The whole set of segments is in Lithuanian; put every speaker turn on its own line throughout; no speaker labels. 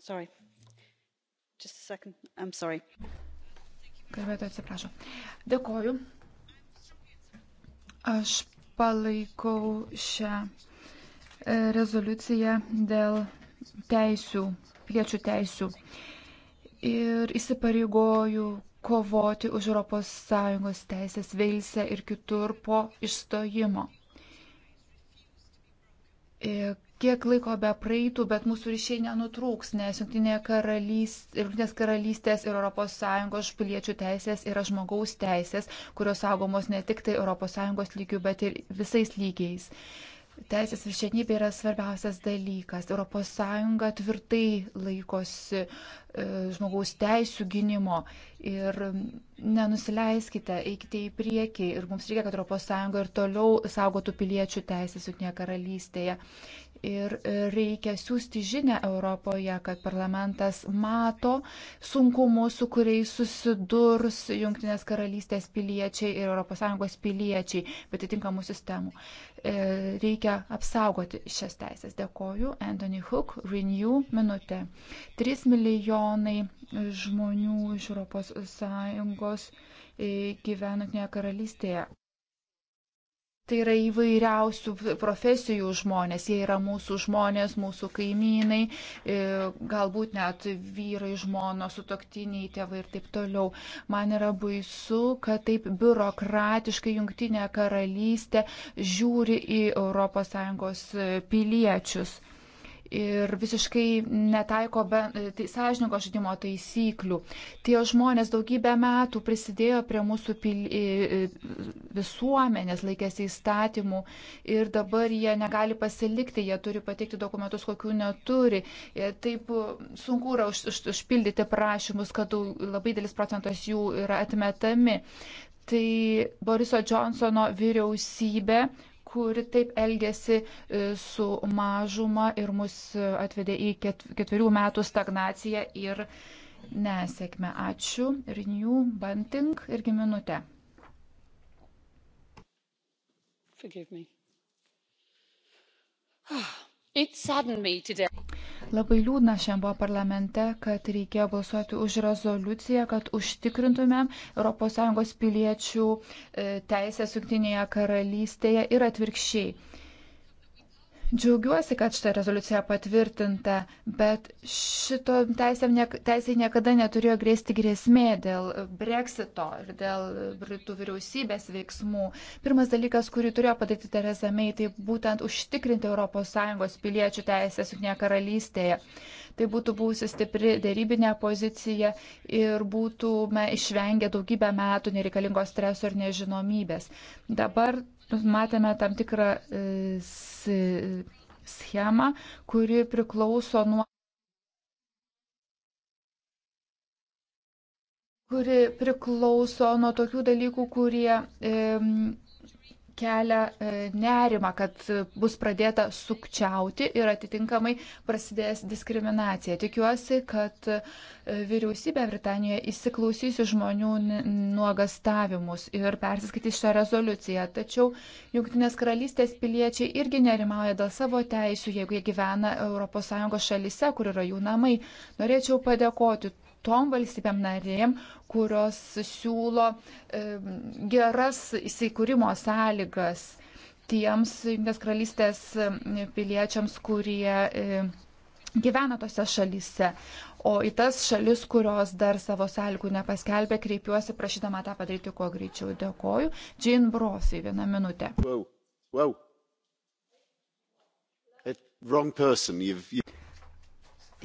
Sorry. Just a second. I'm sorry.
Kalbėtoja atsiprašo. Dėkoju. Aš palaikau šią e, rezoliuciją dėl teisių, piliečių teisių. Ir įsipareigoju kovoti už ES teisės Veilse ir kitur po išstojimo. Ir e, kiek laiko be praeitų, bet mūsų ryšiai nenutrūks, nes Junktinė karalystė, Junktinės karalystės ir ES piliečių teisės yra žmogaus teisės, kurios saugomos ne tik tai ES lygių, bet ir visais lygiais. Teisės viršienybė yra svarbiausias dalykas. ES tvirtai laikosi e, žmogaus teisų gynimo ir nenusileiskite, eikite į priekį ir mums reikia, kad ES ir toliau saugotų piliečių teisės Junktinėje karalystėje. Ir e, reikia siūsti žinę Europoje, kad parlamentas mato sunkumus, su kuriais susidurs Junktinės karalystės piliečiai ir ES piliečiai, bet atitinkamų sistemų. E, reikia apsaugoti šias teisės. Dėkoju. Anthony Hook, Renew minutė. 3 milijonai žmonių iš ES e, gyvena Junktinėje karalystėje. Tai yra įvairiausių profesijų žmonės, jie yra mūsų žmonės, mūsų kaimynai, e, galbūt net vyrai, žmonos, sutoktiniai, tėvai ir taip toliau. Man yra baisu, kad taip biurokratiškai jungtinė karalystė žiūri į ES piliečius ir visiškai netaiko be, tai, sąžininko žaidimo taisyklių. Tie žmonės daugybę metų prisidėjo prie mūsų pil, visuomenės, laikėsi įstatymų ir dabar jie negali pasilikti, jie turi pateikti dokumentus, kokių neturi. Ir e, taip e, sunku yra už, už, užpildyti prašymus, kad labai dėlis procentas jų yra atmetami. Tai Boriso Johnsono vyriausybė kuri taip elgėsi e, su mažuma ir mus atvedė į ketverių metų stagnaciją ir nesėkmę. Ačiū. Renew Banting irgi minutė. Forgive me. It saddened me today. Labai liūdna šiandien buvo parlamente, kad reikėjo balsuoti už rezoliuciją, kad užtikrintumėm ES piliečių e, teisės Junktinėje karalystėje ir atvirkščiai. Džiaugiuosi, kad šita rezoliucija patvirtinta, bet šito teisė niekada neturėjo grėsti grėsmė dėl breksito ir dėl Britų vyriausybės veiksmų. Pirmas dalykas, kurį turėjo padaryti Tereza May, tai būtent užtikrinti ES piliečių teisės Junktinėje karalystėje. Tai būtų būsi stipri dėrybinė pozicija ir būtume išvengę daugybę metų nereikalingo streso ir nežinomybės. Dabar Mes matėme tam tikrą e, schemą, kuri priklauso nuo. kuri priklauso nuo tokių dalykų, kurie e, kelia e, nerima, kad bus pradėta sukčiauti ir atitinkamai prasidės diskriminacija. Tikiuosi, kad e, vyriausybė Britanijoje įsiklausys į žmonių nuogastavimus ir persiskaitys šią rezoliuciją. Tačiau Junktinės karalystės piliečiai irgi nerimauja dėl savo teisų, jeigu jie gyvena ES šalise, kur yra jų namai. Norėčiau padėkoti tom valstybėm narėm, kurios siūlo e, geras įsikūrimo sąlygas tiems Junktinės karalystės e, piliečiams, kurie e, gyvena tose šalyse. O į tas šalis, kurios dar savo sąlygų nepaskelbė, kreipiuosi prašydama tą padaryti kuo greičiau. Dėkoju. Džin Brosi, vieną minutę. Wow. Wow. Wrong person. You've, you've...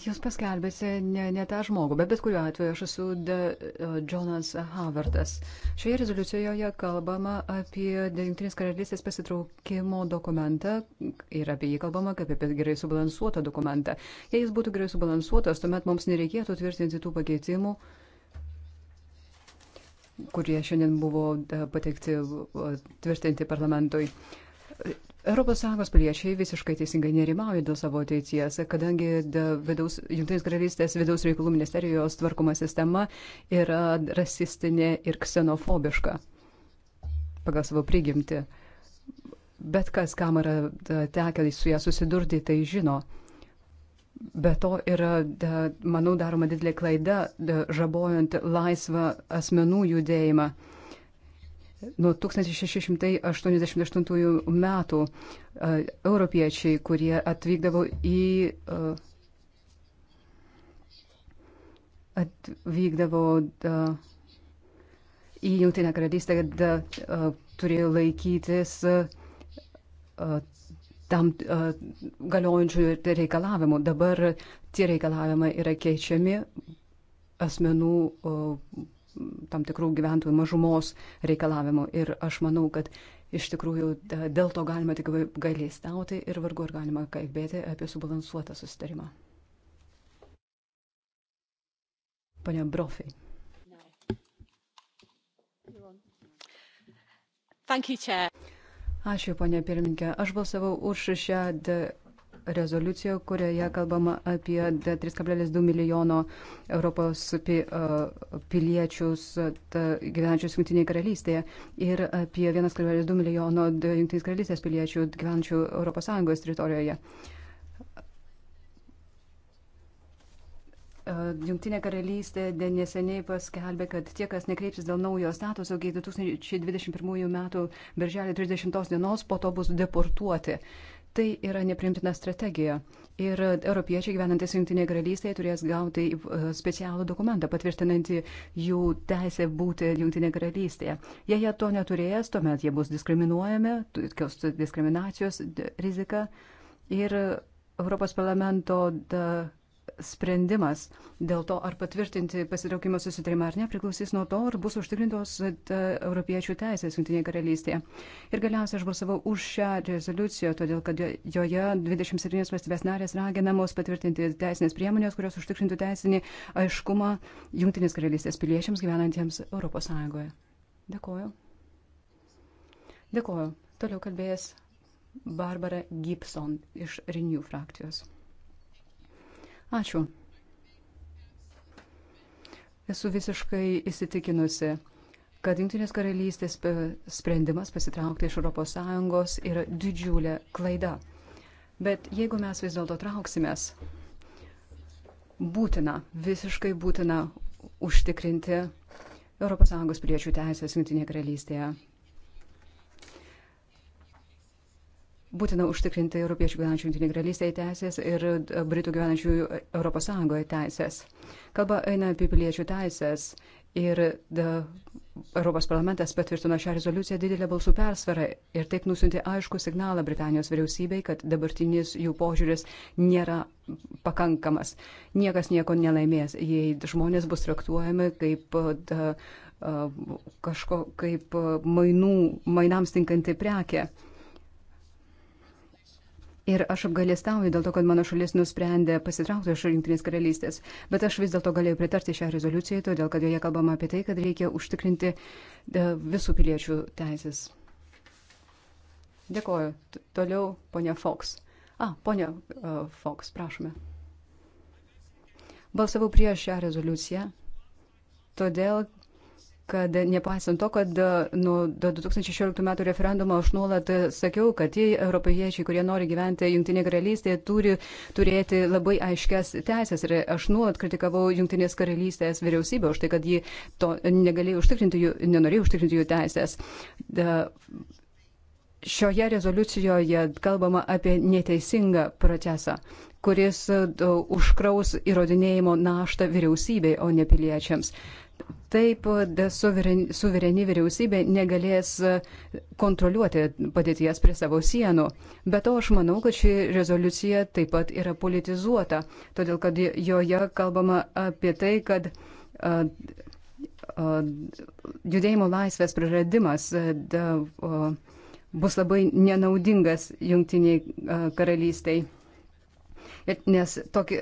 Jūs paskelbėte ne, ne tą žmogų, bet bet kuriuo atveju aš esu de, uh, Jonas Havertas. Šioje rezoliucijoje kalbama apie Junktinės karalystės pasitraukimo dokumentą ir apie jį kalbama kaip apie gerai subalansuotą dokumentą. Jei jis būtų gerai subalansuotas, tuomet mums nereikėtų tvirtinti tų pakeitimų, kurie šiandien buvo e, pateikti e, tvirtinti parlamentui. ES piliečiai visiškai teisingai nerimauja dėl savo ateities, kadangi vidaus, Junktinės karalystės vidaus reikalų ministerijos tvarkoma sistema yra rasistinė ir ksenofobiška pagal savo prigimti. Bet kas, kam yra tekę su ją susidurti, tai žino. Be to yra, da, manau, daroma didelė klaida, da, žabojant laisvą asmenų judėjimą. Uh, Nuo 1688 metų e, europiečiai, kurie atvykdavo į, e, atvykdavo e, į Jungtinę karalystę, turėjo laikytis tam galiojančių reikalavimų. Dabar tie reikalavimai yra keičiami asmenų tam tikrų gyventojų mažumos reikalavimų. Ir aš manau, kad iš tikrųjų dėl to galima tik gailėstauti ir vargu ar galima kalbėti apie subalansuotą susitarimą. Pane Brofi. Ačiū, ponė pirmininkė. Aš balsavau už šią rezoliuciją, kurioje kalbama apie 3,2 milijono Europos piliečius gyvenančius Junktinėje karalystėje ir apie 1,2 milijono Junktinės karalystės piliečių gyvenančių ES teritorijoje. Junktinė karalystė neseniai paskelbė, kad tie, kas nekreipsis dėl naujo statuso iki 2021 m. birželio 30 dienos, po to bus deportuoti. Uh, Tai yra neprimtina strategija. Ir europiečiai gyvenantis Junktinėje karalystėje turės gauti e, specialų dokumentą patvirtinantį jų teisę būti Junktinėje karalystėje. Jei jie to neturės, tuomet jie bus diskriminuojami, kils diskriminacijos rizika. Ir Europos parlamento da, sprendimas dėl to, ar patvirtinti pasitraukimo susitarimą ar ne, priklausys nuo to, ar bus užtikrintos e, europiečių teisės Junktinėje karalystėje. Ir galiausiai aš balsavau už šią rezoliuciją, todėl kad joje 27 valstybės narės raginamos patvirtinti teisinės priemonės, kurios užtikrintų teisinį aiškumą Junktinės karalystės piliečiams gyvenantiems ES. Dėkoju. Dėkoju. Toliau kalbėjęs Barbara Gibson iš Renew frakcijos. Ačiū. Esu visiškai įsitikinusi, kad Junktinės karalystės sprendimas pasitraukti iš ES yra didžiulė klaida. Bet jeigu mes vis dėlto trauksimės, būtina, visiškai būtina užtikrinti ES piliečių teisės Junktinėje karalystėje. Būtina užtikrinti europiečių gyvenančių Junktinėje karalystėje teisės ir e, britų gyvenančių ES teisės. Kalba eina apie piliečių teisės ir da, e, Europos parlamentas patvirtino šią rezoliuciją didelę balsų persvarą ir taip nusinti aišku signalą Britanijos vyriausybei, kad dabartinis jų požiūris nėra pakankamas. Niekas nieko nelaimės, jei žmonės bus traktuojami kaip e, da, kažko, kaip mainų, mainams tinkanti prekė. Ir aš apgalėstauju dėl to, kad mano šalis nusprendė pasitraukti iš Junktinės karalystės, bet aš vis dėlto galėjau pritarti šią rezoliuciją, todėl kad joje kalbama apie tai, kad reikia užtikrinti e, visų piliečių teisės. Dėkoju. Toliau ponia Fox. A, ponia uh, Fox, prašome. Balsavau prieš šią rezoliuciją, todėl kad nepaisant to, kad e, nuo 2016 metų referendumo aš nuolat e, sakiau, kad tie europiečiai, kurie nori gyventi Junktinė karalystė, turi turėti labai aiškias teisės. Ir aš nuolat kritikavau Junktinės karalystės vyriausybę už tai, kad ji to negalėjo užtikrinti, jų, nenorėjo užtikrinti jų teisės. Da, Šioje rezoliucijoje kalbama apie neteisingą procesą, kuris e, užkraus įrodinėjimo naštą vyriausybei, o ne piliečiams. Taip, suvereni vyriausybė negalės e, kontroliuoti padėties prie savo sienų. Bet to aš manau, kad ši rezoliucija taip pat yra politizuota, todėl kad joje kalbama apie tai, kad a, e, a, e, judėjimo laisvės praradimas da, a, bus labai nenaudingas jungtiniai karalystiai. Nes toki,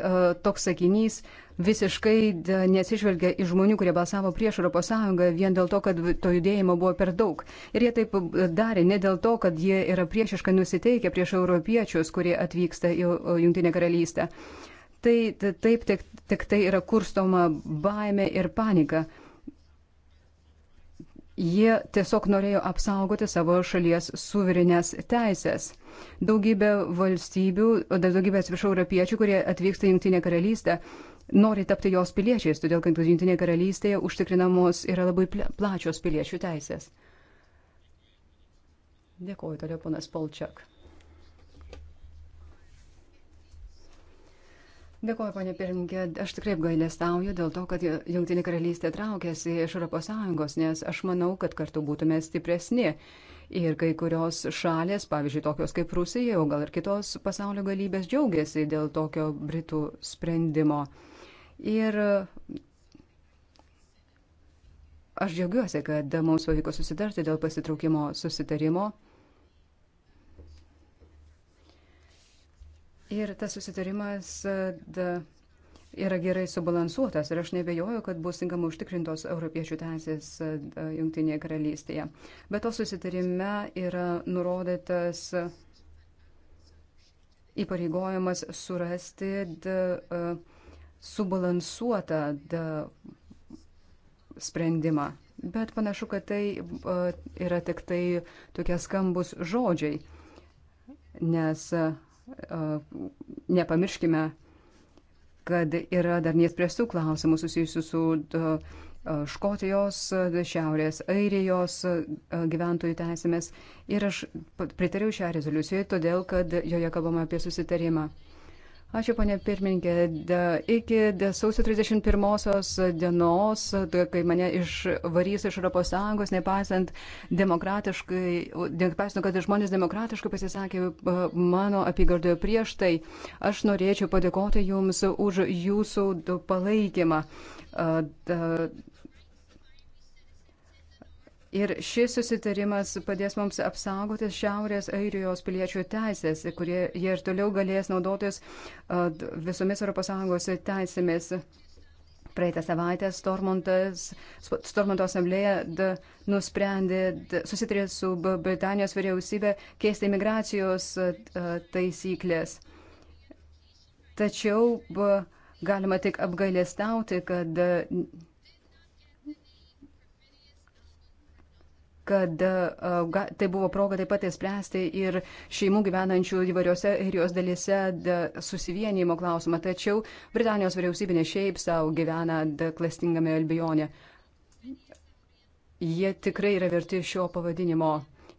toks sakinys visiškai e, nesižvelgia į žmonių, kurie balsavo prieš ES vien dėl to, kad to judėjimo buvo per daug. Ir jie taip darė ne dėl to, kad jie yra priešiškai nusiteikę prieš europiečius, kurie atvyksta į Junktinę karalystę. Tai taip tik, tik tai yra kurstoma baime ir panika. Jie tiesiog norėjo apsaugoti savo šalies suverenės teisės. Daugybė valstybių, daugybė atsiprašau, europiečių, kurie atvyksta į Junktinę karalystę, nori tapti jos piliečiais, todėl kad Junktinėje karalystėje užtikrinamos yra labai plačios piliečių teisės. Dėkuoju toliau, ponas Polčiak. Dėkuoju, ponė Pirinkė. Aš tikrai apgailestauju dėl to, kad Junktinė karalystė traukėsi iš ES, nes aš manau, kad kartu būtume stipresni. Ir kai kurios šalės, pavyzdžiui, tokios kaip Rusija, o gal ir kitos pasaulio galybės, džiaugiasi dėl tokio Britų sprendimo. Ir aš džiaugiuosi, kad mums pavyko susidarti dėl pasitraukimo susitarimo. Ir tas susitarimas e, da, yra gerai subalansuotas ir aš nebejoju, kad bus tinkamai užtikrintos europiečių teisės e, Junktinėje karalystėje. Bet to susitarime yra nurodytas įpareigojimas surasti da, uh, subalansuotą sprendimą. Bet panašu, kad tai yra tik tai tokie skambus žodžiai, nes nepamirškime, kad yra dar neįspręstų klausimų susijusių su Škotijos, Šiaurės Airijos gyventojų teisėmis. Ir aš pritariau šią rezoliuciją, todėl kad joje kalbama apie susitarimą. Ačiū, ponė pirmininkė. De, iki de sausio 31 dienos, de, kai mane išvarys iš ES, nepaisant demokratiškai, nepaisant, kad žmonės demokratiškai pasisakė mano apygardoje prieš tai, aš norėčiau padėkoti Jums už Jūsų palaikymą. De, Ir šis susitarimas padės mums apsaugoti Šiaurės Airijos piliečių teisės, kurie jie ir toliau galės naudotis visomis ES teisėmis. Praeitą savaitę Stormonto asamblėje nusprendė, susitarė su Britanijos vyriausybė keisti imigracijos taisyklės. Tačiau galima tik apgailestauti, kad kad e, ga, tai buvo proga taip pat įspręsti ir šeimų gyvenančių įvairiose ir jos dalyse da, susivienijimo klausimą. Tačiau Britanijos vyriausybė ne šiaip savo gyvena da, klastingame Albijone. Jie tikrai yra verti šio pavadinimo.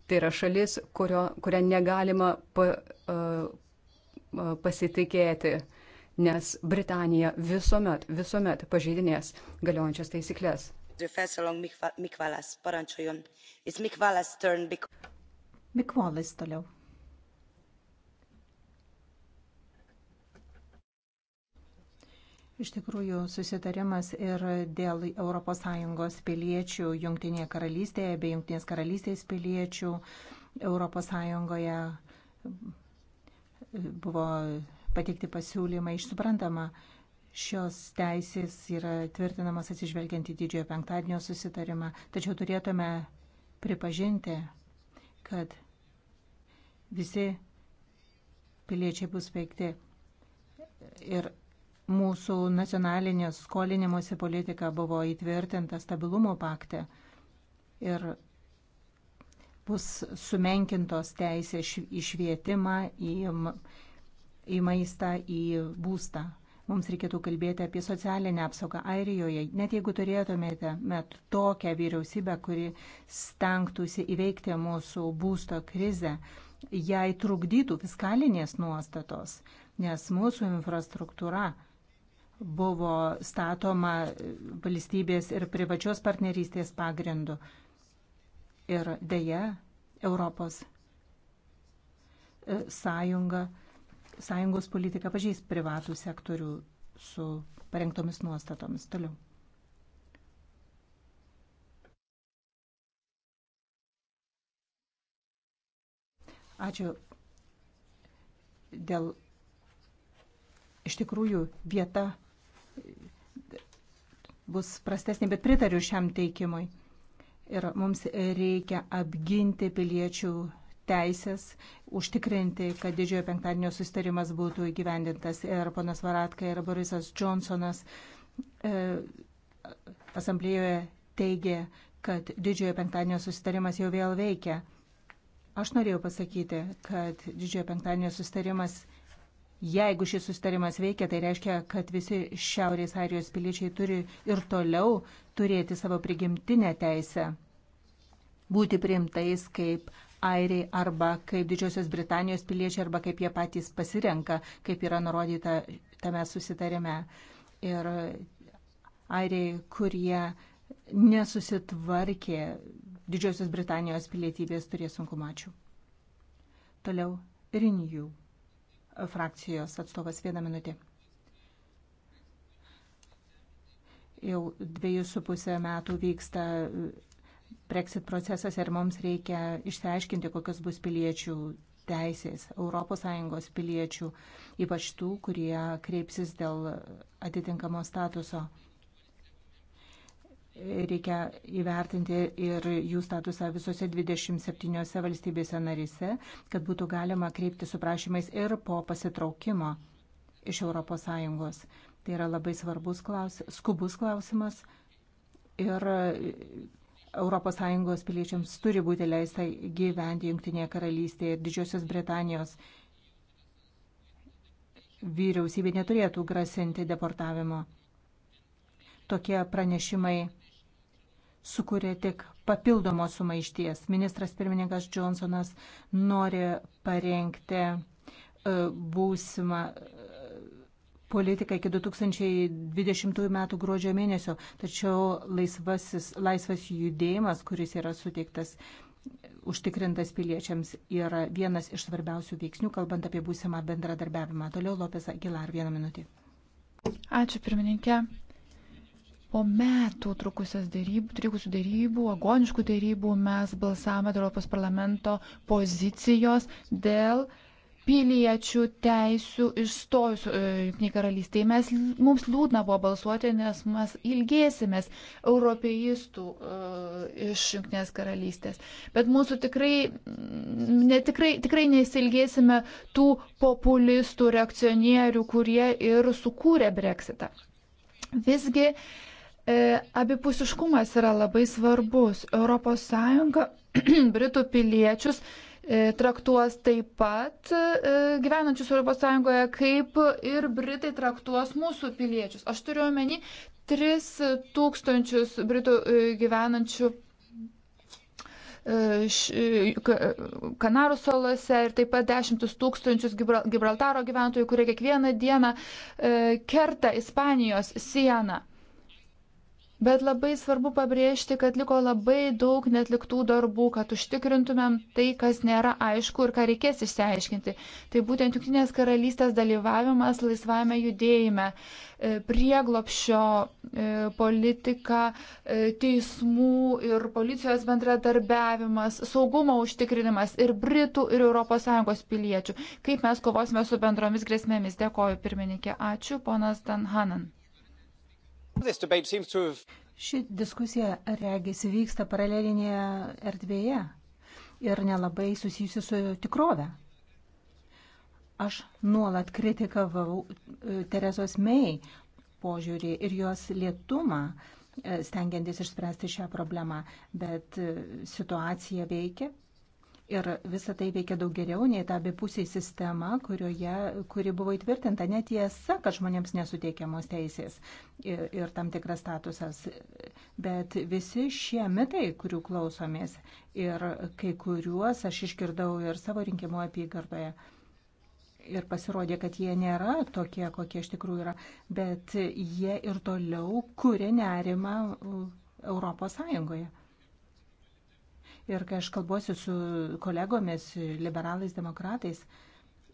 Tai yra šalis, kurio, kurią negalima pa, uh, pasitikėti, nes Britanija visuomet, visuomet pažeidinės galiojančias taisyklės. Mikvalas, parancsoljon. It's Mikvalas turn because...
Mikvalas taló. Iš tikrųjų, susitarimas ir dėl ES piliečių Junktinėje karalystėje bei Junktinės karalystės piliečių ES buvo pateikti pasiūlymai išsuprantama. suprantama Šios teisės yra tvirtinamas atsižvelgiant į didžiojo penktadienio susitarimą, tačiau turėtume pripažinti, kad visi piliečiai bus veikti ir mūsų nacionalinė skolinimuose politika buvo įtvirtinta stabilumo pakte ir bus sumenkintos teisės į švietimą, į, į maistą, į būstą. Mums reikėtų kalbėti apie socialinę apsaugą Airijoje. Net jeigu turėtumėte met tokią vyriausybę, kuri stengtųsi įveikti mūsų būsto krizę, jai trukdytų fiskalinės nuostatos, nes mūsų infrastruktūra buvo statoma valstybės ir privačios partnerystės pagrindu. Ir dėja, Europos e, sąjunga sąjungos politika pažeis privatų sektorių su parengtomis nuostatomis. Toliau. Ačiū dėl iš tikrųjų vieta bus prastesnė, bet pritariu šiam teikimui. Ir mums reikia apginti piliečių teisės užtikrinti, kad didžiojo penktadienio sustarimas būtų įgyvendintas. Ir ponas Varatka ir Borisas Johnsonas e, asamblėjoje teigė, kad didžiojo penktadienio sustarimas jau vėl veikia. Aš norėjau pasakyti, kad didžiojo penktadienio sustarimas Jeigu šis sustarimas veikia, tai reiškia, kad visi Šiaurės Airijos piliečiai turi ir toliau turėti savo prigimtinę teisę būti priimtais kaip airiai arba kaip Didžiosios Britanijos piliečiai arba kaip jie patys pasirenka, kaip yra nurodyta tame susitarime. Ir airiai, kurie nesusitvarkė Didžiosios Britanijos pilietybės, turės sunkumačių. Toliau Rinijų frakcijos atstovas vieną minutį. Jau dviejus su pusę metų vyksta Brexit procesas ir mums reikia išsiaiškinti, kokios bus piliečių teisės, ES piliečių, ypač tų, kurie kreipsis dėl atitinkamo statuso. Reikia įvertinti ir jų statusą visose 27 valstybėse narise, kad būtų galima kreipti su prašymais ir po pasitraukimo iš ES. Tai yra labai svarbus klaus, skubus klausimas ir ES piliečiams turi būti leista gyventi Junktinėje karalystėje ir Didžiosios Britanijos vyriausybė neturėtų grasinti deportavimo. Tokie pranešimai sukuria tik papildomos sumaišties. Ministras pirmininkas Johnsonas nori parengti e, būsimą politiką iki 2020 metų gruodžio mėnesio, tačiau laisvasis, laisvas judėjimas, kuris yra suteiktas užtikrintas piliečiams, yra vienas iš svarbiausių veiksnių, kalbant apie būsimą bendradarbiavimą. Toliau Lopes Agilar, vieną minutį.
Ačiū, pirmininkė. Po metų trukusios dėrybų, trukusių dėrybų, agoniškų dėrybų mes balsavome Europos parlamento pozicijos dėl uh, piliečių teisių išstojus e, Junktinė karalystė. Mes, mums liūdna buvo balsuoti, nes mes ilgėsimės europeistų uh, iš Junktinės karalystės. Bet mūsų tikrai, mm, ne, tikrai, tikrai nesilgėsime tų populistų, reakcionierių, kurie ir sukūrė breksitą. Visgi e, abipusiškumas yra labai svarbus. ES Britų piliečius E, traktuos taip pat e, gyvenančius Europos Sąjungoje, kaip ir Britai traktuos mūsų piliečius. Aš turiu omeny 3 tūkstančius Britų e, gyvenančių Kanarų salose ir taip pat dešimtus tūkstančius Gibraltaro gyventojų, kurie kiekvieną dieną kerta Ispanijos sieną. Bet labai svarbu pabrėžti, kad liko labai daug netliktų darbų, kad užtikrintumėm tai, kas nėra aišku ir ką reikės išsiaiškinti. Tai būtent Junktinės karalystės dalyvavimas laisvame judėjime, e, prieglopšio e, politika, e, teismų ir policijos bendradarbiavimas, saugumo užtikrinimas ir Britų ir ES piliečių. Kaip mes kovosime su bendromis grėsmėmis. Dėkoju pirmininkė. Ačiū, ponas Danhanan. Ši diskusija,
regis, vyksta paralelinėje erdvėje ir nelabai susijusi su tikrove. Aš nuolat kritikavau e, Terezos May požiūrį ir jos lietumą, e, stengiantis išspręsti šią problemą, bet e, situacija veikia Ir visa tai veikia daug geriau nei ta abipusiai sistema, kurioje, kuri buvo įtvirtinta. Netiesa, kad žmonėms nesuteikiamos teisės ir, ir tam tikras statusas. Bet visi šie mitai, kurių klausomės ir kai kuriuos aš išgirdau ir savo rinkimo apygardoje ir pasirodė, kad jie nėra tokie, kokie iš tikrųjų yra, bet jie ir toliau kuria nerimą Europos Sąjungoje. Ir kai aš kalbuosiu su kolegomis, liberalais, demokratais,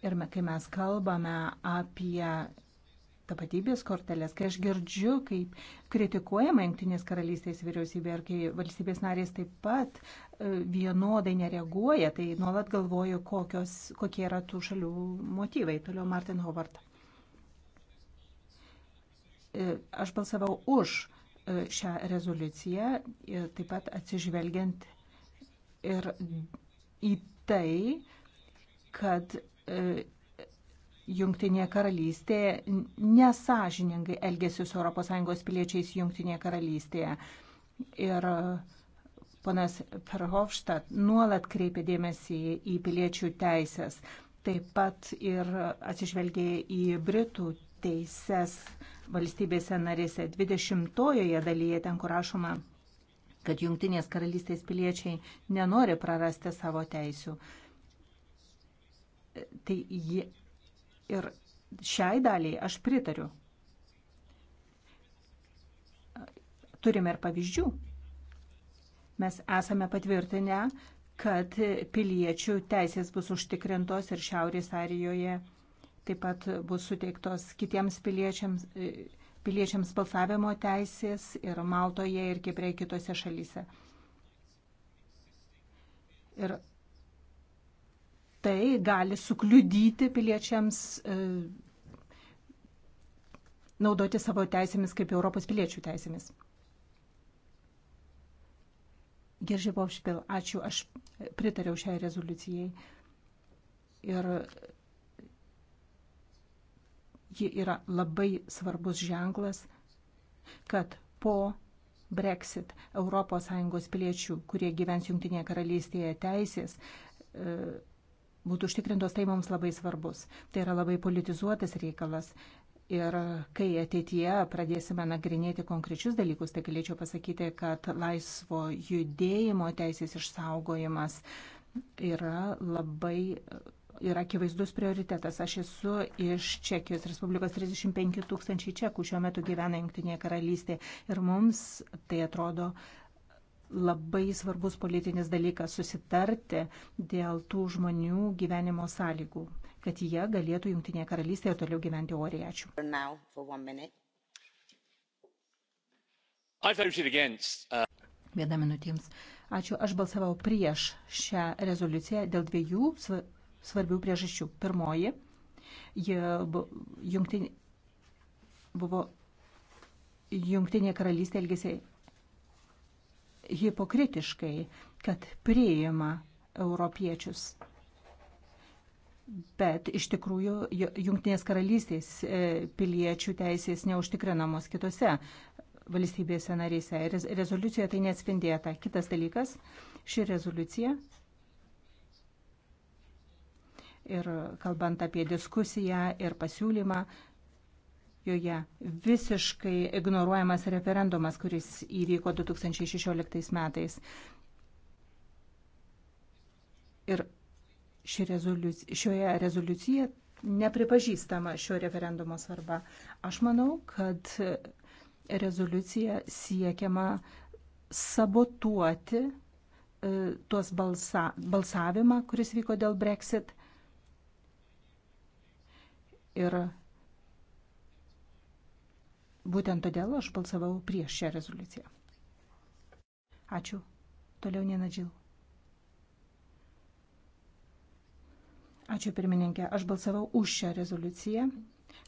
ir kai mes kalbame apie tapatybės kortelės, kai aš girdžiu, kaip kritikuojama Junktinės karalystės vyriausybė ir kai valstybės narės taip pat e, vienodai nereaguoja, tai nuolat galvoju, kokios, kokie yra tų šalių motyvai. Toliau Martin Howard. E, aš balsavau už e, šią rezoliuciją, taip pat atsižvelgiant ir į tai, kad e, Junktinė karalystė nesažiningai elgesi su ES piliečiais Junktinėje karalystėje. Ir ponas Perhofstadt nuolat kreipė dėmesį į piliečių teisės, taip pat ir atsižvelgė į Britų teises valstybėse narėse 20-ojoje dalyje, ten kur rašoma kad jungtinės karalystės piliečiai nenori prarasti savo teisių. Tai jie ir šiai daliai aš pritariu. Turime ir pavyzdžių. Mes esame patvirtinę, kad piliečių teisės bus užtikrintos ir Šiaurės Arijoje taip pat bus suteiktos kitiems piliečiams piliečiams balsavimo teisės ir Maltoje, ir Kiprė, kitose šalyse. Ir tai gali sukliudyti piliečiams e, naudoti savo teisėmis kaip Europos piliečių teisėmis. Geržybov Špil, ačiū, aš pritariau šiai rezoliucijai. Ir ji yra labai svarbus ženklas, kad po Brexit ES piliečių, kurie gyvens Junktinėje karalystėje teisės, e, būtų užtikrintos, tai mums labai svarbus. Tai yra labai politizuotas reikalas. Ir kai ateityje pradėsime nagrinėti konkrečius dalykus, tai galėčiau pasakyti, kad laisvo judėjimo teisės išsaugojimas yra labai yra akivaizdus prioritetas. Aš esu iš Čekijos Respublikos 35 tūkstančiai čekų šiuo metu gyvena Junktinėje karalystėje ir mums tai atrodo labai svarbus politinis dalykas susitarti dėl tų žmonių gyvenimo sąlygų, kad jie galėtų Junktinėje karalystėje toliau gyventi oriai. Ačiū. Uh, Viena minutė jums. Ačiū. Aš balsavau prieš šią rezoliuciją dėl dviejų svarbių priežasčių. Pirmoji, jungtinė, buvo jungtinė karalystė elgėsi hipokritiškai, kad priima europiečius. Bet iš tikrųjų jungtinės karalystės e, piliečių teisės neužtikrinamos kitose valstybėse narėse. Rezoliucijoje tai neatspindėta. Kitas dalykas, ši rezoliucija ir kalbant apie diskusiją ir pasiūlymą, joje visiškai ignoruojamas referendumas, kuris įvyko 2016 metais. Ir ši rezoliuc šioje rezoliucijoje nepripažįstama šio referendumo svarba. Aš manau, kad rezoliucija siekiama sabotuoti e, tuos balsa, balsavimą, kuris vyko dėl Brexit. Ir būtent todėl aš balsavau prieš šią rezoliuciją. Ačiū. Toliau nenadžil. Ačiū pirmininkė. Aš balsavau už šią rezoliuciją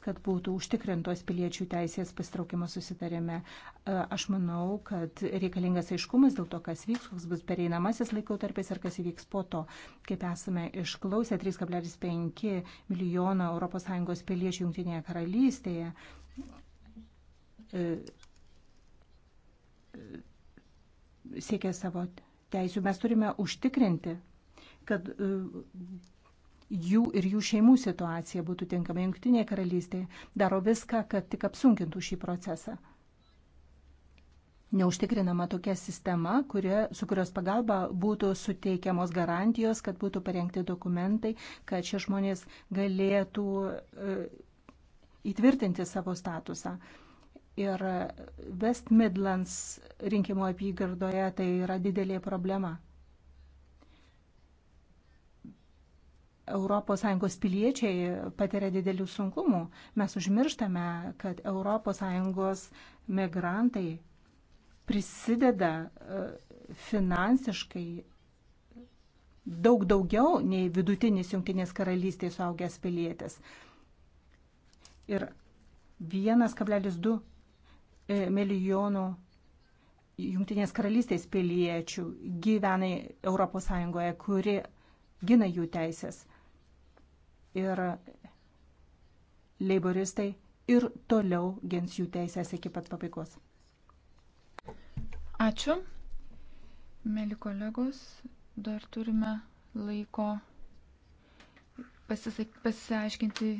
kad būtų užtikrintos piliečių teisės pasitraukimo susitarime. E, aš manau, kad reikalingas aiškumas dėl to, kas vyks, koks bus pereinamasis laikotarpis ir kas įvyks po to. Kaip esame išklausę, 3,5 milijono ES piliečių Junktinėje karalystėje e, e, siekia savo teisų. Mes turime užtikrinti, kad jų ir jų šeimų situacija būtų tinkama. Junktinė karalystė daro viską, kad tik apsunkintų šį procesą. Neužtikrinama tokia sistema, kurie, su kurios pagalba būtų suteikiamos garantijos, kad būtų parengti dokumentai, kad šie žmonės galėtų e, įtvirtinti savo statusą. Ir West Midlands rinkimo apygardoje tai yra didelė problema. ES piliečiai patiria didelių sunkumų. Mes užmirštame, kad ES migrantai prisideda e, finansiškai daug daugiau nei vidutinis Junktinės karalystės suaugęs pilietis. Ir 1,2 e, milijonų Junktinės karalystės piliečių gyvena ES, kuri gina jų teisės ir leiboristai ir toliau gins jų teisės iki pat pabaigos.
Ačiū. Mėly kolegos, dar turime laiko pasisak, pasiaiškinti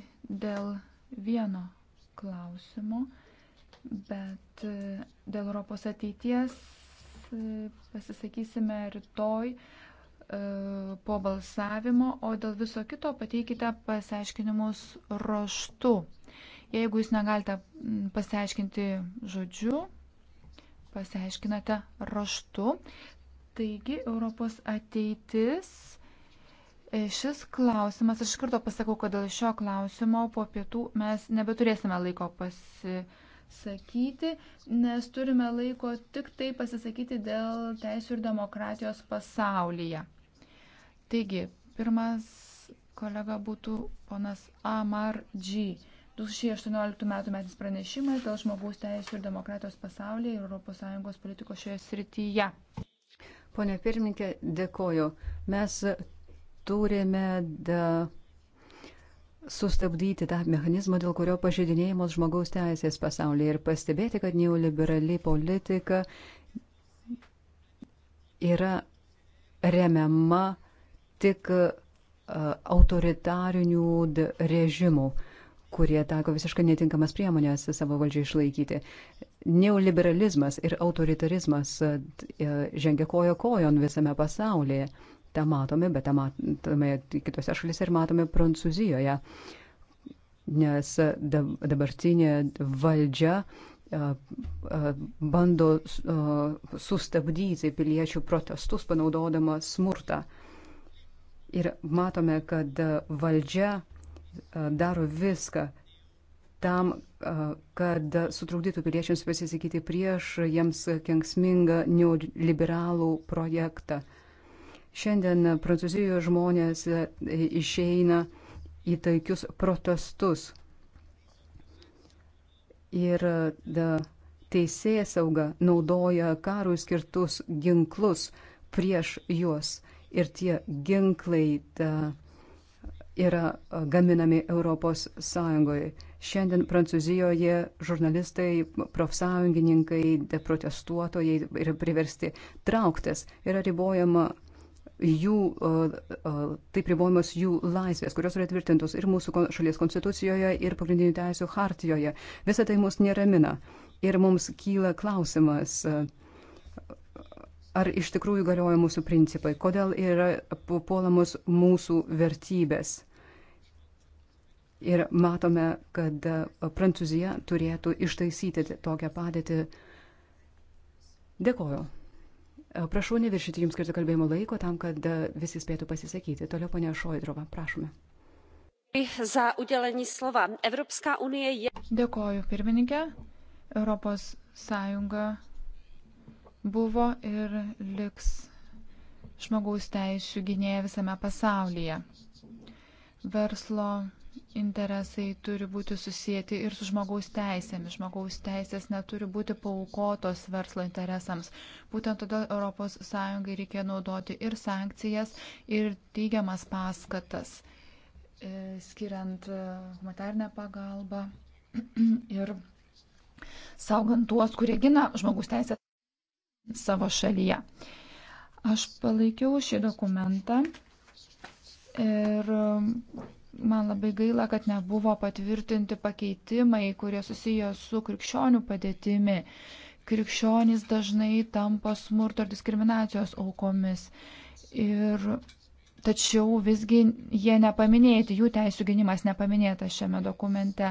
dėl vieno klausimo, bet e, dėl Europos ateities e, pasisakysime rytoj. E, po balsavimo, o dėl viso kito pateikite pasiaiškinimus raštu. Jeigu jūs negalite pasiaiškinti žodžiu, pasiaiškinate raštu. Taigi, Europos ateitis. E, šis klausimas, aš iš karto pasakau, kad dėl šio klausimo po pietų mes nebeturėsime laiko pasisakyti, nes turime laiko tik tai pasisakyti dėl teisų ir demokratijos pasaulyje. Taigi, pirmas kolega būtų ponas Amar G. 2018 m. metinis pranešimas dėl žmogaus teisų ir demokratijos pasaulyje ir ES politikos šioje srityje.
Pone pirmininkė, dėkoju. Mes turime da, sustabdyti tą mechanizmą, dėl kurio pažeidinėjimos žmogaus teisės pasaulyje ir pastebėti, kad neoliberali politika yra remiama tik e, autoritarinių režimų, kurie taiko visiškai netinkamas priemonės savo valdžiai išlaikyti. Neoliberalizmas ir autoritarizmas e, e, žengia kojo kojon visame pasaulyje. Ta matome, bet tą matome kitose šalise ir matome Prancūzijoje. Nes dabartinė valdžia bando sustabdyti piliečių protestus, panaudodama smurtą. Ir matome, kad e, valdžia e, daro viską tam, e, kad sutrukdytų piliečiams pasisakyti prieš jiems kenksmingą neoliberalų projektą. Šiandien Prancūzijos žmonės išeina į taikius protestus. Ir teisėja sauga naudoja karui skirtus ginklus prieš juos ir tie ginklai ta, yra gaminami Europos Sąjungoje. Šiandien Prancūzijoje žurnalistai, profsąjungininkai, protestuotojai yra priversti trauktis, yra ribojama jų, taip ribojamas jų laisvės, kurios yra tvirtintos ir mūsų šalies konstitucijoje, ir pagrindinių teisų hartijoje. Visą tai mus neramina. Ir mums kyla klausimas, ar iš tikrųjų galioja mūsų principai, kodėl yra puolamos mūsų vertybės. Ir matome, kad Prancūzija turėtų ištaisyti tokią padėtį. Dėkoju. Prašau neviršyti jums skirtą kalbėjimo laiko tam, kad visi spėtų pasisakyti. Toliau ponia Šoidrova,
prašome. Dėkoju, pirmininkė. Europos Sąjunga buvo ir liks žmogaus teisų gynėja visame pasaulyje. Verslo interesai turi būti susijęti ir su žmogaus teisėmis. Žmogaus teisės neturi būti paukotos verslo interesams. Būtent todėl ES reikia naudoti ir sankcijas, ir teigiamas paskatas, e, skiriant e, humanitarnę pagalbą ir saugant tuos, kurie gina žmogus teisės savo šalyje. Aš palaikiau šį dokumentą ir man labai gaila, kad nebuvo patvirtinti pakeitimai, kurie susiję su krikščionių padėtimi. Krikščionys dažnai tampa smurto ir diskriminacijos aukomis. Ir tačiau visgi jie nepaminėti, jų teisų gynimas nepaminėtas šiame dokumente.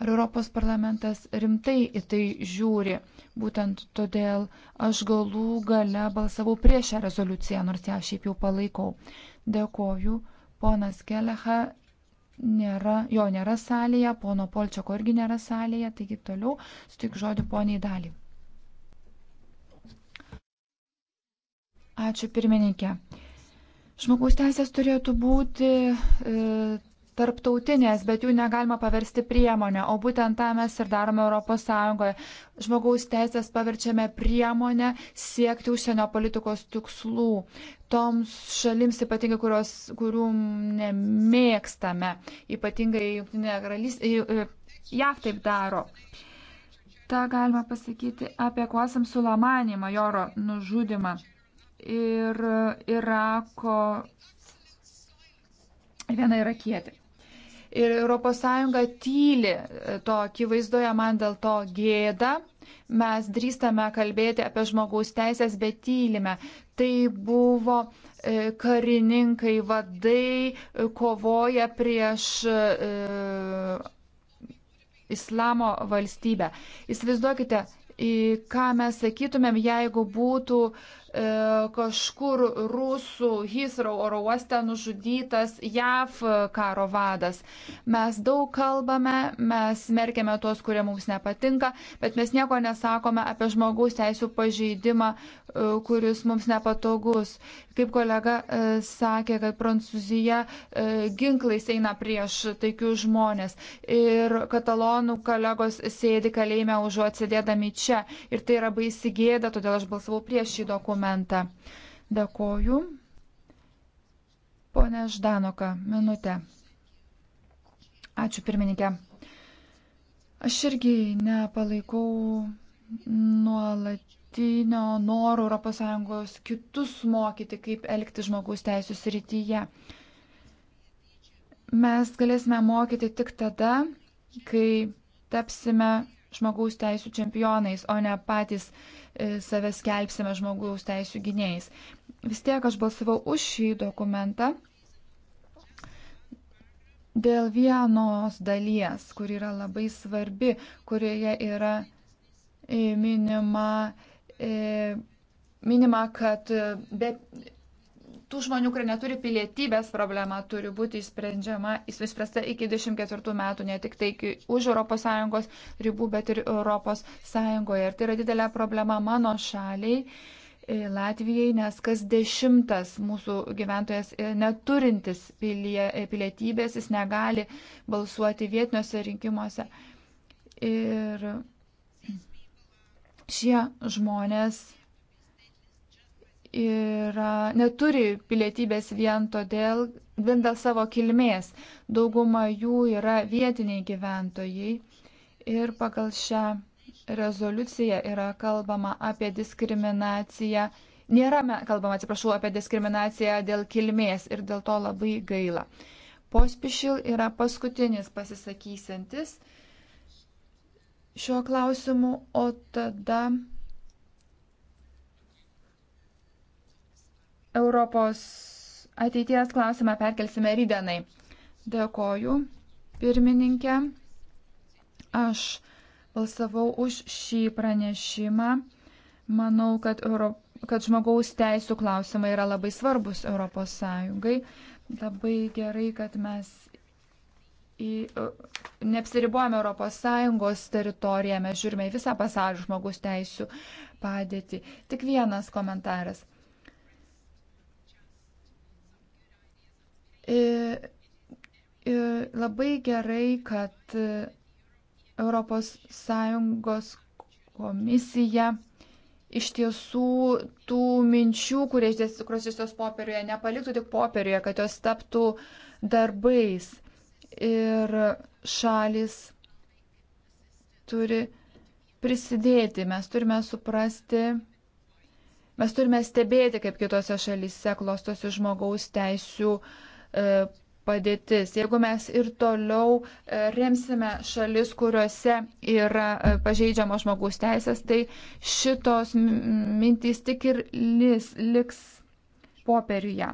Ar Europos parlamentas rimtai į tai žiūri? Būtent todėl aš galų gale balsavau prieš šią rezoliuciją, nors ją šiaip jau palaikau. Dėkoju, ponas Keleha. Nėra, jo nėra salėje, pono Polčiako irgi nėra salėje, taigi toliau sutik žodį poniai dalį. Ačiū pirmininkė. Žmogaus teisės turėtų būti e, tarptautinės, bet jų negalima paversti priemonę, o būtent tą mes ir darome ES. Žmogaus teisės paverčiame priemonę siekti užsienio politikos tikslų toms šalims, ypatingai kurios, kurių nemėgstame, ypatingai Junktinė karalystė, JAV taip daro. Ta galima pasakyti apie Kosam Sulamanį, majoro nužudimą ir Irako viena irakietė. Ir ES tyli to akivaizdoje, man dėl to gėda. Mes drįstame kalbėti apie žmogaus teisės, bet tylime. Tai buvo e, karininkai, vadai e, kovoja prieš e, islamo valstybę. Įsivaizduokite, ką mes sakytumėm, jeigu būtų uh, E, kažkur rusų Heathrow oro uoste nužudytas JAV karo vadas. Mes daug kalbame, mes merkėme tuos, kurie mums nepatinka, bet mes nieko nesakome apie žmogaus teisų pažeidimą, e, kuris mums nepatogus. Kaip kolega e, sakė, kad Prancūzija ginklais eina prieš taikius žmonės ir katalonų kolegos sėdi kalėjime užuot sėdėdami čia. Ir tai yra baisi gėda, todėl aš balsavau prieš šį dokumentą dokumentą. Dėkoju. Pone Ždanoka, minutė. Ačiū pirmininkė. Aš irgi nepalaikau nuolatinio noro ES kitus mokyti, kaip elgti žmogaus teisų srityje. Mes galėsime mokyti tik tada, kai tapsime žmogaus teisų čempionais, o ne patys E, save skelbsime žmogaus teisų gynėjais. Vis tiek aš balsavau už šį dokumentą dėl vienos dalies, kur yra labai svarbi, kurioje yra e, minima, e, minima kad be tų žmonių, kurie neturi pilietybės problema, turi būti išsprendžiama, išspręsta iki 24 metų, ne tik tai iki, už ES ribų, bet ir ES. Ir tai yra didelė problema mano šaliai. E, Latvijai, nes kas dešimtas mūsų gyventojas e, neturintis pilie, e, pilietybės, jis negali balsuoti vietiniuose rinkimuose. Ir šie žmonės yra, neturi pilietybės vien todėl, vien dėl savo kilmės. Dauguma jų yra vietiniai gyventojai. Ir pagal šią rezoliuciją yra kalbama apie diskriminaciją. Nėra kalbama, atsiprašau, apie diskriminaciją dėl kilmės ir dėl to labai gaila. Pospišil yra paskutinis pasisakysiantis šiuo klausimu, o tada Europos ateities klausimą perkelsime rydenai. Dėkoju, pirmininkė. Aš balsavau už šį pranešimą. Manau, kad, Euro, kad žmogaus teisų klausimai yra labai svarbus ES. Labai gerai, kad mes į, e, neapsiribuojame ES teritoriją, mes žiūrime į visą pasaulį žmogus teisų padėtį. Tik vienas komentaras. E, e, labai gerai, kad ES komisija iš tiesų tų minčių, kurie išdėstytos popieriuje, nepaliktų tik popieriuje, kad jos taptų darbais. Ir šalis turi prisidėti, mes turime suprasti, mes turime stebėti, kaip kitose šalyse klostosi žmogaus teisų uh, E, padėtis. Jeigu mes ir toliau e, remsime šalis, kuriuose yra e, pažeidžiamos žmogaus teisės, tai šitos mintys tik ir lis, liks popieriuje.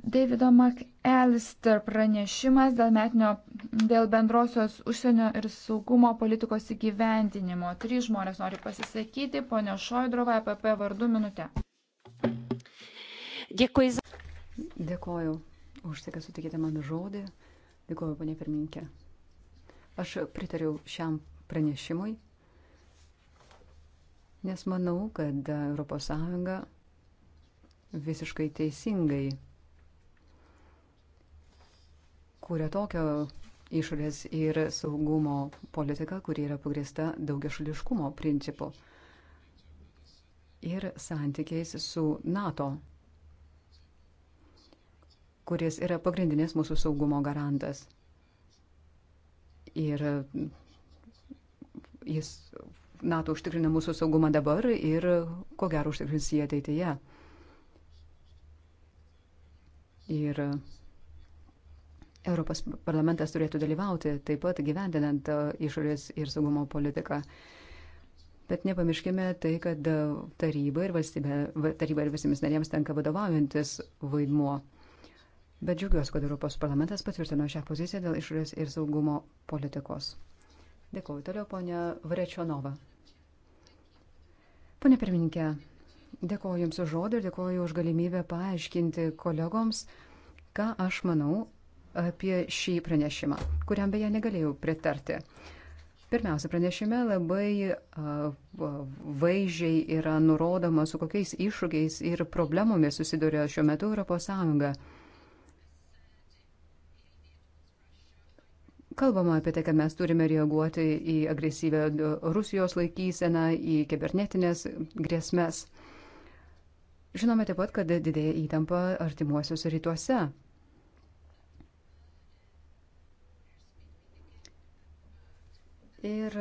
Davido McAllister pranešimas dėl, metinio, dėl bendrosios užsienio ir saugumo politikos įgyvendinimo. Trys žmonės nori pasisakyti. Pone Šoidrova, APP vardu minutę.
Dėkui. Dėkoju už tai, kad sutikėte man žodį. Dėkoju, ponė pirminkė. Aš pritariu šiam pranešimui, nes manau, kad ES visiškai teisingai kūrė tokią išorės ir saugumo politiką, kuri yra pagrįsta daugiašališkumo principu ir santykiais su NATO kuris yra pagrindinis mūsų saugumo garantas. Ir jis NATO užtikrina mūsų saugumą dabar ir ko gero užtikrins jį ateityje. Ir Europos parlamentas turėtų dalyvauti taip pat gyvendinant uh, išorės ir saugumo politiką. Bet nepamirškime tai, kad uh, taryba ir, valstybė, taryba ir visiems narėms tenka vadovaujantis vaidmuo. Bet džiugiuosi, kad Europos parlamentas patvirtino šią poziciją dėl išorės ir saugumo politikos. Dėkuoju toliau, ponia Vrečionova. Pone pirmininkė, dėkuoju Jums už žodį ir dėkuoju už galimybę paaiškinti kolegoms, ką aš manau apie šį pranešimą, kuriam beje negalėjau pritarti. Pirmiausia, pranešime labai vaizdžiai yra nurodoma, su kokiais iššūkiais ir problemomis susiduria šiuo metu ES. kalbama apie tai, kad mes turime reaguoti į agresyvę Rusijos laikyseną, į kibernetinės grėsmės. Žinome taip pat, kad didėja įtampa artimuosiuose rytuose. Ir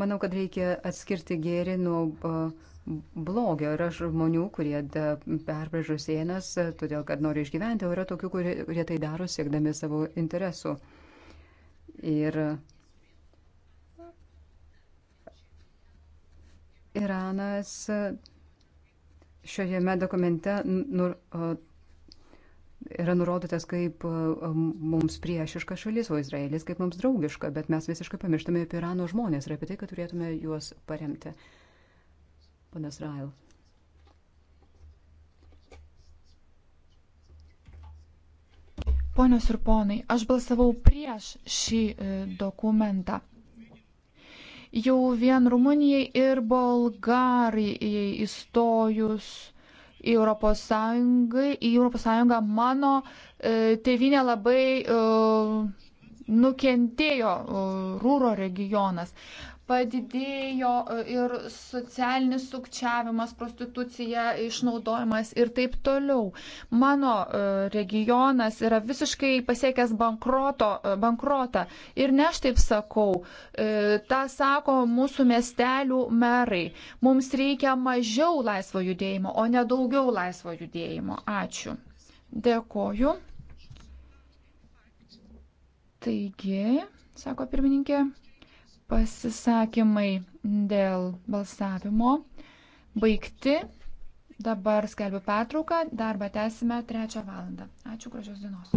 manau, kad reikia atskirti gėrį nuo uh, blogio. Yra žmonių, kurie perbražo sienas, e, todėl kad nori išgyventi, o yra tokių, kurie tai daro siekdami savo interesų. Ir Iranas e, šioje dokumente nur, yra nurodytas kaip e, mums priešiška šalis, o Izraelis kaip mums draugiška, bet mes visiškai pamirštame apie Irano žmonės ir apie tai, kad turėtume juos paremti ponas Rail.
Ponios ir ponai, aš balsavau prieš šį e, dokumentą. Jau vien Rumunijai ir Bulgarijai įstojus į Europos Sąjungą, į Europos Sąjungą mano e, tevinė labai e, nukentėjo e, rūro regionas. E, padidėjo e, ir socialinis sukčiavimas, prostitucija, išnaudojimas ir taip toliau. Mano e, regionas yra visiškai pasiekęs bankroto, e, bankrotą. Ir ne aš taip sakau, tą sako mūsų miestelių merai. Mums reikia mažiau laisvo judėjimo, o ne daugiau laisvo judėjimo. Ačiū. Dėkoju. Taigi, sako pirmininkė, pasisakymai dėl balsavimo baigti. Dabar skelbiu pertrauką, darbą tęsime trečią valandą. Ačiū, gražios dienos.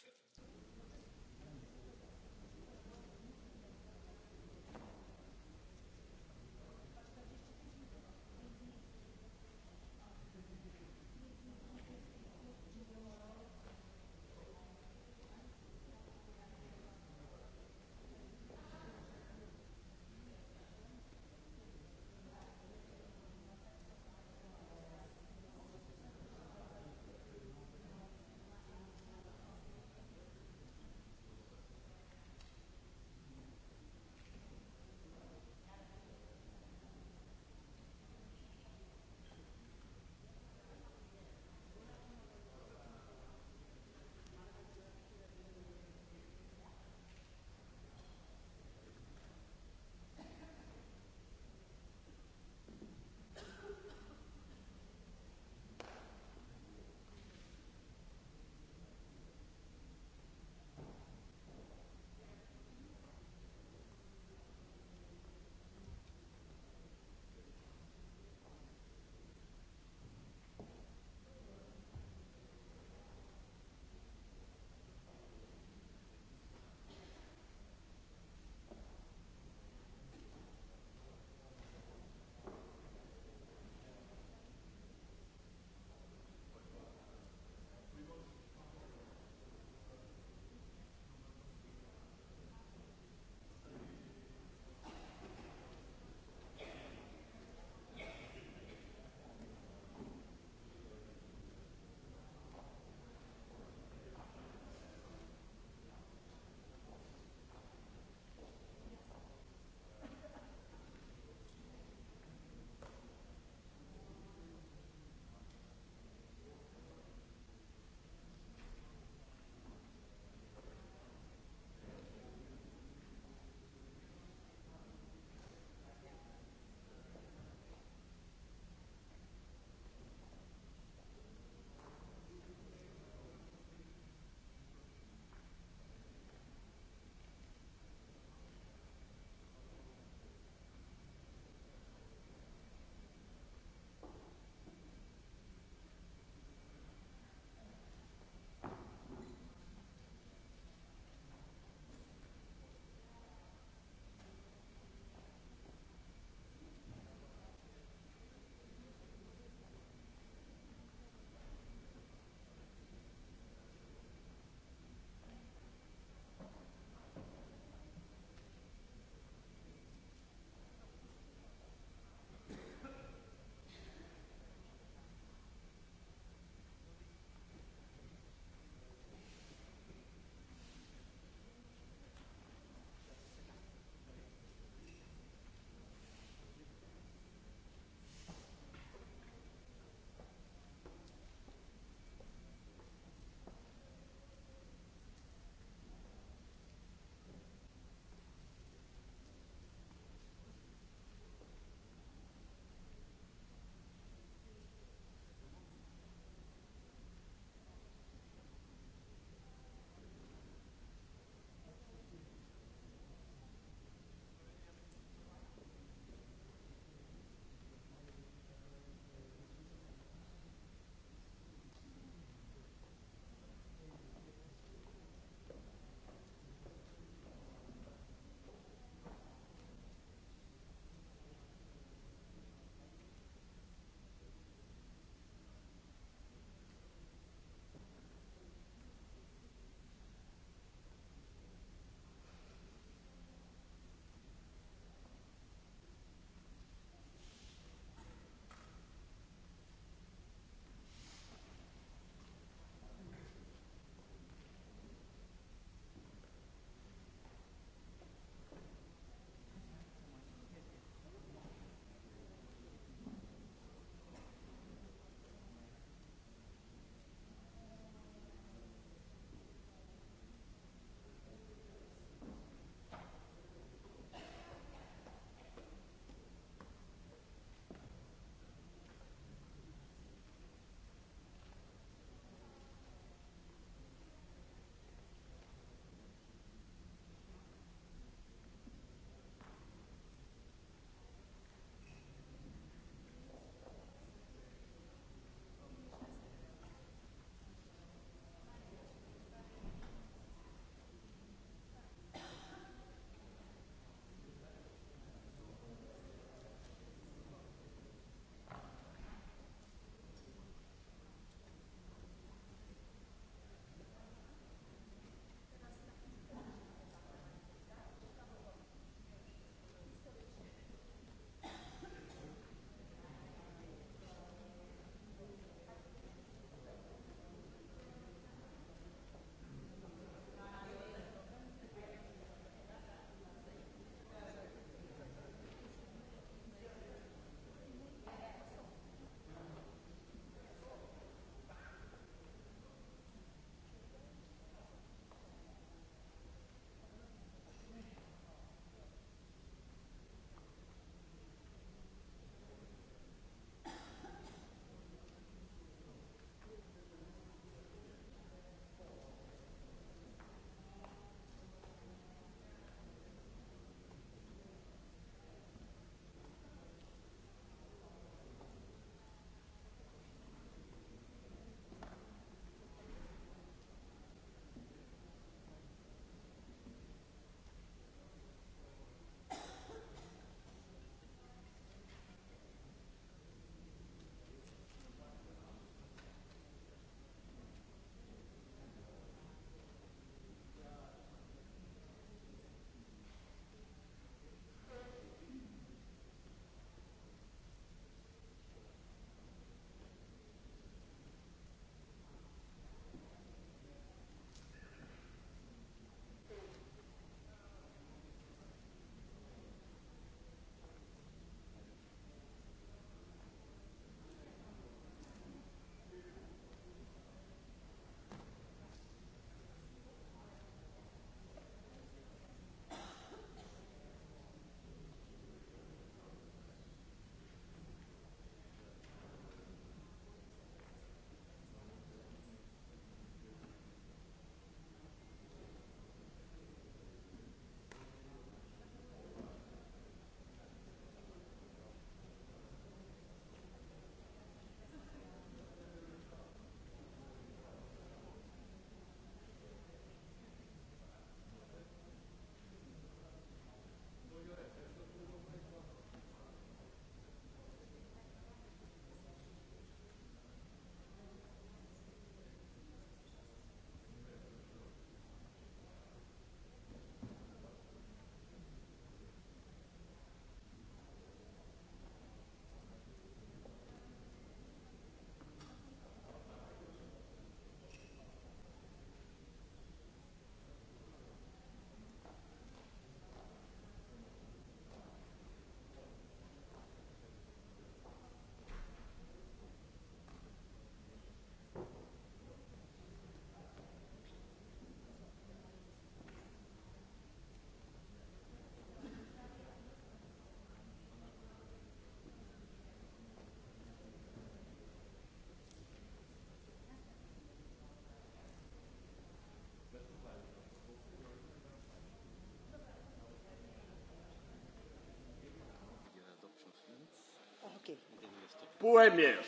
puhemies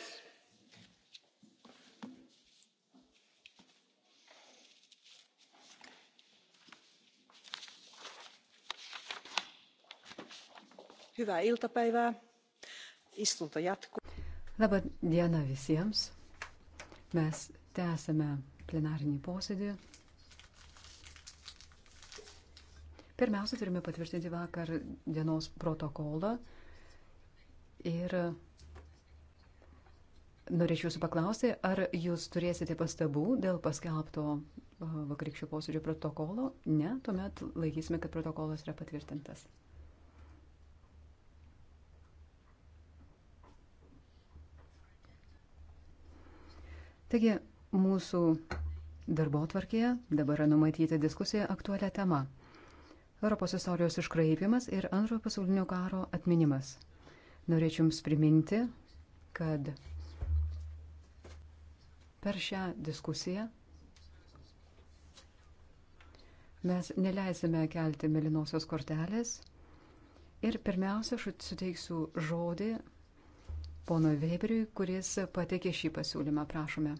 hyvää iltapäivää istunto jatkuu.
Labą dieną visiems. Mes tęsame plenarinį posėdį. Pirmiausia, turime patvirtinti vakar dienos protokolą ir Norėčiau jūsų paklausti, ar jūs turėsite pastabų dėl paskelbto vakarykščio posėdžio protokolo? Ne, tuomet laikysime, kad protokolas yra patvirtintas. Taigi, mūsų darbo tvarkėje dabar yra numatyta diskusija aktualią temą. Europos istorijos iškraipimas ir antrojo pasaulinio karo atminimas. Norėčiau Jums priminti, kad Per šią diskusiją mes neleisime kelti melinosios kortelės ir pirmiausia, aš suteiksiu žodį pono Weberiui, kuris pateikė šį pasiūlymą. Prašome.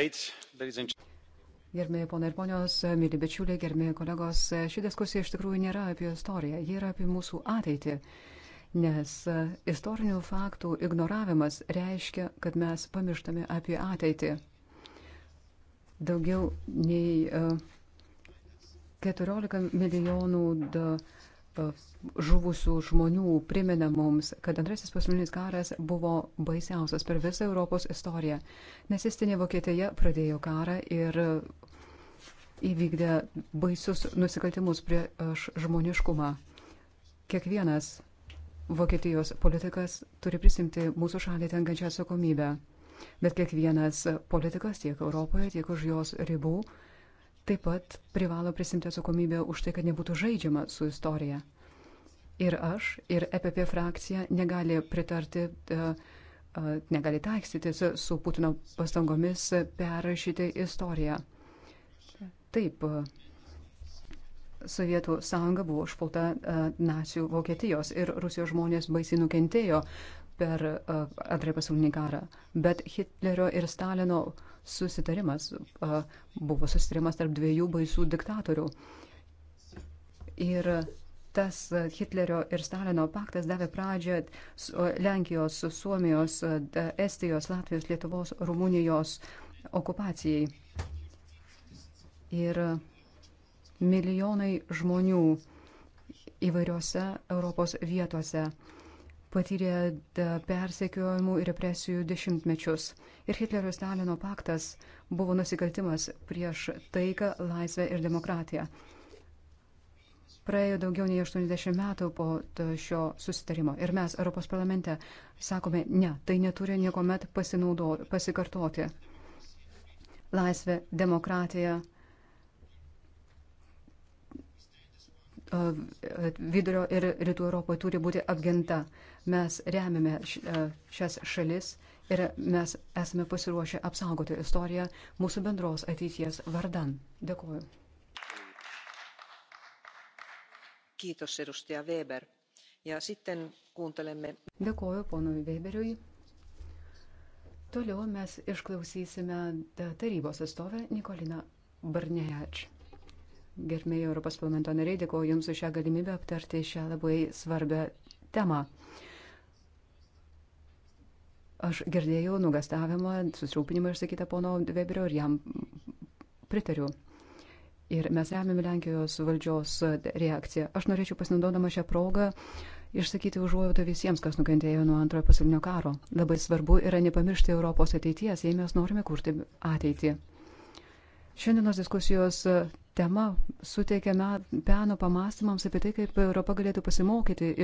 Gerbėjai ponai ir ponios, mėly bičiuliai, gerbėjai kolegos, ši diskusija iš tikrųjų nėra apie istoriją, ji yra apie mūsų ateitį. Nes istorinių faktų ignoravimas reiškia, kad mes pamirštame apie ateitį daugiau nei 14 e, milijonų e, žuvusių žmonių primena mums, kad antrasis pasaulinis karas buvo baisiausias per visą Europos istoriją. Nesistinė Vokietija pradėjo karą ir įvykdė baisius nusikaltimus prieš žmoniškumą. Kiekvienas Vokietijos politikas turi prisimti mūsų šalį tenkančią atsakomybę. Bet kiekvienas politikas tiek Europoje, tiek už jos ribų taip pat privalo prisimti atsakomybę už tai, kad nebūtų žaidžiama su istorija. Ir aš, ir EPP frakcija negali pritarti, e, e, negali taikstytis su Putino pastangomis perrašyti istoriją. Taip, Sovietų sąjunga buvo užpulta e, nacijų Vokietijos ir Rusijos žmonės baisiai nukentėjo per antrąjį pasaulinį karą. Bet Hitlerio ir Stalino susitarimas buvo susitarimas tarp dviejų baisių diktatorių. Ir tas Hitlerio ir Stalino paktas davė pradžią Lenkijos, Suomijos, Estijos, Latvijos, Lietuvos, Rumunijos okupacijai. Ir milijonai žmonių įvairiose Europos vietose uh, patyrė e, persekiojimų ir represijų dešimtmečius. Ir Hitlerio Stalino paktas buvo nusikaltimas prieš taiką, laisvę ir demokratiją. Praėjo daugiau nei 80 metų po šio susitarimo ir mes Europos parlamente sakome, ne, tai neturi niekuomet pasikartoti. Laisvė, demokratija, e, e, vidurio ir rytų Europoje turi būti apginta. Mes remiame e, šias šalis ir mes esame pasiruošę apsaugoti istoriją mūsų bendros ateities vardan. Dėkuoju.
Kiitos, edustaja Weber.
Ja sitten kuuntelemme... Dėkuoju ponui Weberiui. Toliau mes išklausysime tarybos atstovę Nikoliną Barnejač. Gerbėjai Europos parlamento nariai, dėkuoju Jums už šią galimybę aptarti šią labai svarbią temą. Aš girdėjau nugastavimą, susirūpinimą išsakytą pono Weberio ir jam pritariu. Ir mes remiame Lenkijos valdžios reakciją. Aš norėčiau pasinaudodama šią progą išsakyti užuojautą visiems, kas nukentėjo nuo antrojo pasaulinio karo. Labai svarbu yra nepamiršti Europos ateities, jei mes norime kurti ateitį. Šiandienos diskusijos tema suteikia peno pamastymams apie tai, kaip Europa galėtų pasimokyti